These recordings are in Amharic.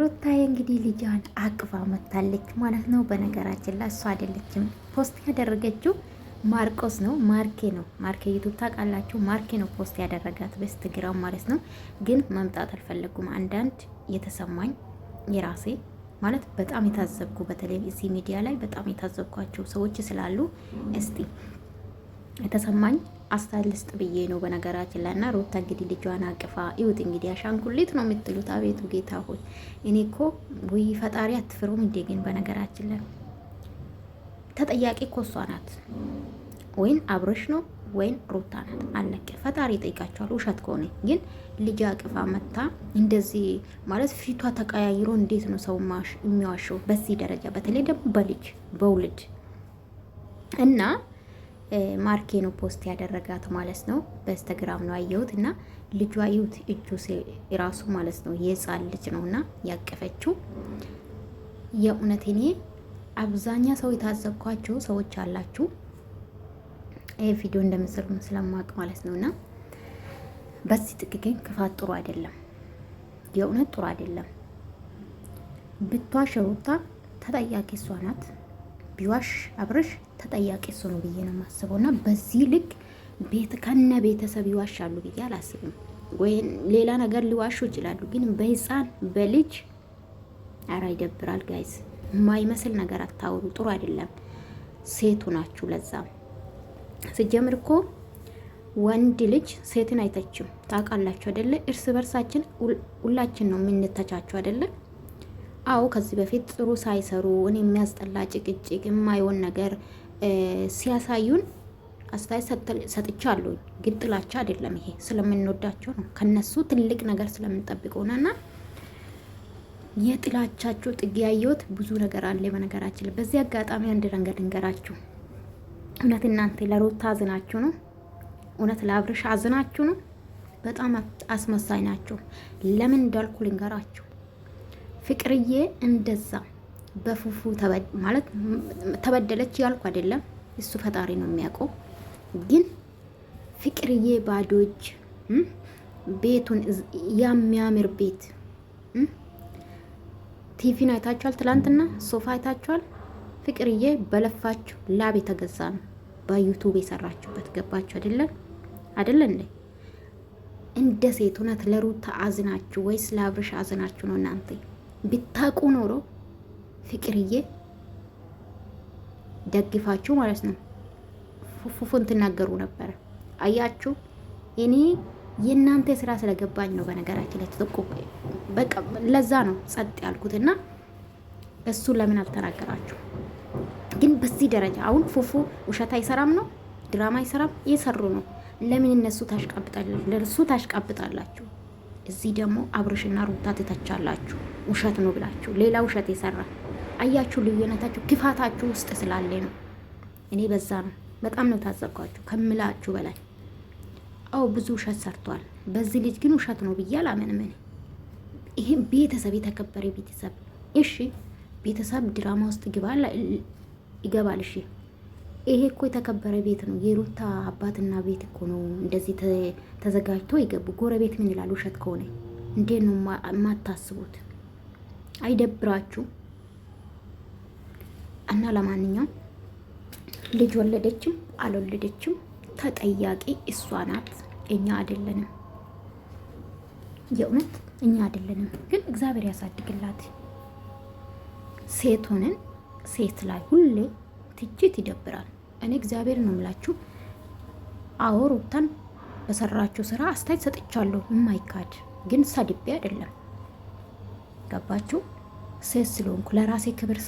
ሩታዬ እንግዲህ ልጇን አቅፋ መታለች ማለት ነው። በነገራችን ላይ እሷ አይደለችም ፖስት ያደረገችው ማርቆስ ነው ማርኬ ነው ማርኬ ዩቱብ ታውቃላችሁ። ማርኬ ነው ፖስት ያደረጋት በኢንስታግራም ማለት ነው። ግን መምጣት አልፈለጉም። አንዳንድ የተሰማኝ የራሴ ማለት በጣም የታዘብኩ በተለይ እዚህ ሚዲያ ላይ በጣም የታዘብኳቸው ሰዎች ስላሉ እስቲ የተሰማኝ አስታልስጥ ብዬ ነው በነገራችን ላይ እና ሩታ እንግዲህ ልጇን አቅፋ ይውጥ እንግዲህ አሻንጉሊት ነው የምትሉት። አቤቱ ጌታ ሆይ እኔ እኮ ውይ ፈጣሪ አትፍሩም እንዴ? ግን በነገራችን ላይ ተጠያቂ እኮ እሷ ናት፣ ወይም አብረሽ ነው ወይም ሩታ ናት። አለቀ። ፈጣሪ ይጠይቃቸዋል። ውሸት ከሆነ ግን ልጅ አቅፋ መታ እንደዚህ ማለት ፊቷ ተቀያይሮ እንዴት ነው ሰው የሚዋሸው በዚህ ደረጃ? በተለይ ደግሞ በልጅ በውልድ እና ማርኬ ነው ፖስት ያደረጋት ማለት ነው። በኢንስታግራም ነው አየሁት እና ልጇ ይሁት እጁ ራሱ ማለት ነው የህፃን ልጅ ነው እና ያቀፈችው የእውነት እኔ አብዛኛ ሰው የታዘብኳቸው ሰዎች አላችሁ ይህ ቪዲዮ እንደምስሉ ስለማቅ ማለት ነው እና በዚህ ጥቅ ግን ክፋት ጥሩ አይደለም። የእውነት ጥሩ አይደለም። ብቷ ሸሩታ ተጠያቂ እሷ ናት። ቢዋሽ አብርሽ ተጠያቂ እሱ ነው ብዬ ነው የማስበው። እና በዚህ ልክ ቤት ከነ ቤተሰብ ይዋሻሉ ብዬ አላስብም። ወይም ሌላ ነገር ሊዋሹ ይችላሉ፣ ግን በህፃን በልጅ አራ ይደብራል። ጋይዝ የማይመስል ነገር አታውሩ፣ ጥሩ አይደለም። ሴቱ ናችሁ። ለዛ ስጀምር እኮ ወንድ ልጅ ሴትን አይተችም። ታውቃላችሁ አደለ? እርስ በርሳችን ሁላችን ነው የምንተቻችሁ አደለ? አዎ ከዚህ በፊት ጥሩ ሳይሰሩ እኔ የሚያስጠላ ጭቅጭቅ፣ የማይሆን ነገር ሲያሳዩን አስተያየት ሰጥቻለሁ። ግን ጥላቻ አይደለም። ይሄ ስለምንወዳቸው ነው። ከነሱ ትልቅ ነገር ስለምንጠብቀው ነውና የጥላቻቸው ጥግ ያየሁት ብዙ ነገር አለ። በነገራችን ላይ በዚህ አጋጣሚ አንድ ነገር ልንገራችሁ። እውነት እናንተ ለሮታ አዝናችሁ ነው? እውነት ለአብርሽ አዝናችሁ ነው? በጣም አስመሳይ ናቸው። ለምን እንዳልኩ ልንገራችሁ። ፍቅርዬ እንደዛ በፉፉ ማለት ተበደለች ያልኩ አይደለም፣ እሱ ፈጣሪ ነው የሚያውቀው። ግን ፍቅርዬ ባዶ እጅ ቤቱን የሚያምር ቤት ቲቪን አይታችኋል፣ ትላንትና ሶፋ አይታችኋል። ፍቅርዬ በለፋችሁ ላብ የተገዛ ነው። በዩቱብ የሰራችሁበት ገባችሁ አይደለም አይደለ እንዴ? እንደ ሴት እውነት ለሩታ አዝናችሁ ወይስ ለአብርሽ አዝናችሁ ነው? እናንተ ብታውቁ ኖሮ ፍቅርዬ ደግፋችሁ ማለት ነው ፉፉን ትናገሩ ነበረ። አያችሁ እኔ የእናንተ ስራ ስለገባኝ ነው። በነገራችን ላይ ተጠቁ በቃ ለዛ ነው ጸጥ ያልኩት እና ለምን አልተናገራችሁ? ግን በዚህ ደረጃ አሁን ፉፉ ውሸት አይሰራም ነው ድራማ አይሰራም እየሰሩ ነው። ለምን እነሱ ታሽቃብጣላችሁ? ለእሱ ታሽቃብጣላችሁ። እዚህ ደግሞ አብርሽና ሩታ ትተቻላችሁ ውሸት ነው ብላችሁ ሌላ ውሸት የሰራ አያችሁ፣ ልዩነታችሁ ክፋታችሁ ውስጥ ስላለ ነው። እኔ በዛ ነው በጣም ነው ታዘብኳችሁ ከምላችሁ በላይ። አዎ ብዙ ውሸት ሰርቷል። በዚህ ልጅ ግን ውሸት ነው ብዬ አላምንም። ይህ ቤተሰብ የተከበረ ቤተሰብ እሺ፣ ቤተሰብ ድራማ ውስጥ ግባል ይገባል። እሺ፣ ይሄ እኮ የተከበረ ቤት ነው። የሩታ አባትና ቤት እኮ ነው እንደዚህ ተዘጋጅቶ ይገቡ። ጎረቤት ምን ይላል? ውሸት ከሆነ እንዴት ነው የማታስቡት? አይደብራችሁ? እና ለማንኛውም ልጅ ወለደችም አልወለደችም ተጠያቂ እሷ ናት፣ እኛ አይደለንም። የእውነት እኛ አይደለንም። ግን እግዚአብሔር ያሳድግላት። ሴት ሆነን ሴት ላይ ሁሌ ትችት ይደብራል። እኔ እግዚአብሔር ነው የምላችሁ። አዎ ሩታን በሰራችሁ ስራ አስተያየት ሰጥቻለሁ፣ የማይካድ ግን ሰድቤ አይደለም። ገባችሁ? ሴት ስለሆንኩ ለራሴ ክብር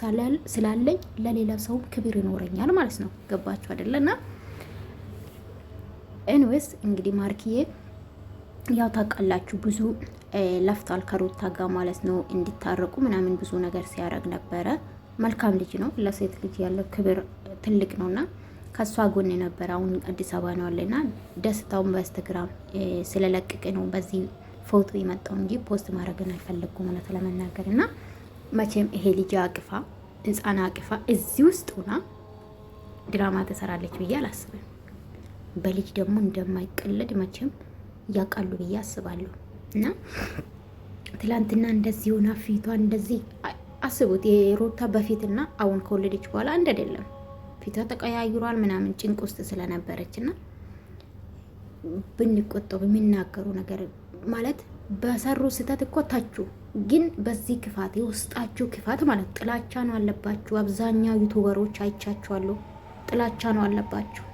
ስላለኝ ለሌላ ሰውም ክብር ይኖረኛል ማለት ነው። ገባችሁ አይደለ? እና ኤንዌስ እንግዲህ ማርክዬ ያው ታውቃላችሁ ብዙ ለፍቷል ከሩታ ጋር ማለት ነው እንዲታረቁ ምናምን ብዙ ነገር ሲያደርግ ነበረ። መልካም ልጅ ነው። ለሴት ልጅ ያለው ክብር ትልቅ ነውና ከእሷ ጎን የነበረ አሁን አዲስ አበባ ነው ያለና ደስታውን በኢንስታግራም ስለለቅቅ ነው በዚህ ፎቶ የመጣው እንጂ ፖስት ማድረግን አይፈለጉም እውነት ለመናገር እና መቼም ይሄ ልጅ አቅፋ ህፃን አቅፋ እዚህ ውስጥ ሆና ድራማ ትሰራለች ብዬ አላስብም። በልጅ ደግሞ እንደማይቀለድ መቼም እያውቃሉ ብዬ አስባለሁ። እና ትላንትና እንደዚህ ሆና ፊቷ እንደዚህ አስቡት። የሮታ በፊትና አሁን ከወለደች በኋላ አንድ አይደለም። ፊቷ ተቀያይሯል ምናምን ጭንቅ ውስጥ ስለነበረች እና ብንቆጠው የሚናገሩ ነገር ማለት በሰሩ ስህተት እኮ ታችሁ ግን በዚህ ክፋት የውስጣችሁ ክፋት ማለት ጥላቻ ነው አለባችሁ። አብዛኛው ዩቱበሮች አይቻችኋለሁ። ጥላቻ ነው አለባችሁ።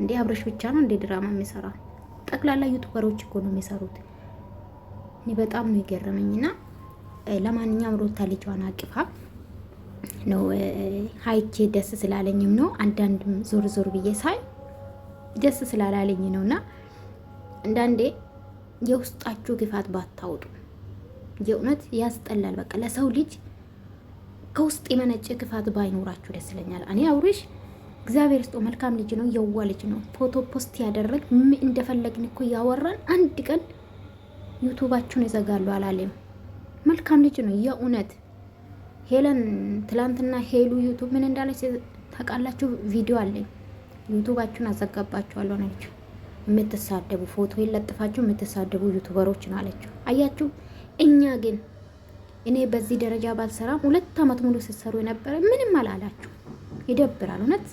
እንዴ አብረሽ ብቻ ነው እንዴ ድራማ የሚሰራ? ጠቅላላ ዩቱበሮች እኮ ነው የሚሰሩት። እኔ በጣም ነው የገረመኝና ለማንኛውም ሩታ ልጇን አቅፋ ነው ሀይቼ ደስ ስላለኝም ነው አንዳንድም ዞር ዞር ብዬ ሳይ ደስ ስላላለኝ ነው እና አንዳንዴ የውስጣችሁ ግፋት ባታውጡ የእውነት ያስጠላል። በቃ ለሰው ልጅ ከውስጥ የመነጨ ክፋት ባይኖራችሁ ደስ ይለኛል። እኔ አብርሽ እግዚአብሔር ስጦ መልካም ልጅ ነው፣ የዋ ልጅ ነው። ፎቶ ፖስት ያደረግ እንደፈለግን እኮ እያወራን አንድ ቀን ዩቱባችሁን ይዘጋሉ አላለም። መልካም ልጅ ነው የእውነት። ሄለን ትላንትና ሄሉ ዩቱብ ምን እንዳለች ታውቃላችሁ? ቪዲዮ አለኝ ዩቱባችሁን አዘጋባችኋለሁ ነች የምትሳደቡ ፎቶ የለጥፋችሁ የምትሳደቡ ዩቱበሮች ነው አለችው። አያችሁ፣ እኛ ግን እኔ በዚህ ደረጃ ባልሰራም ሁለት አመት ሙሉ ስትሰሩ የነበረ ምንም አላላችሁ። ይደብራል እውነት።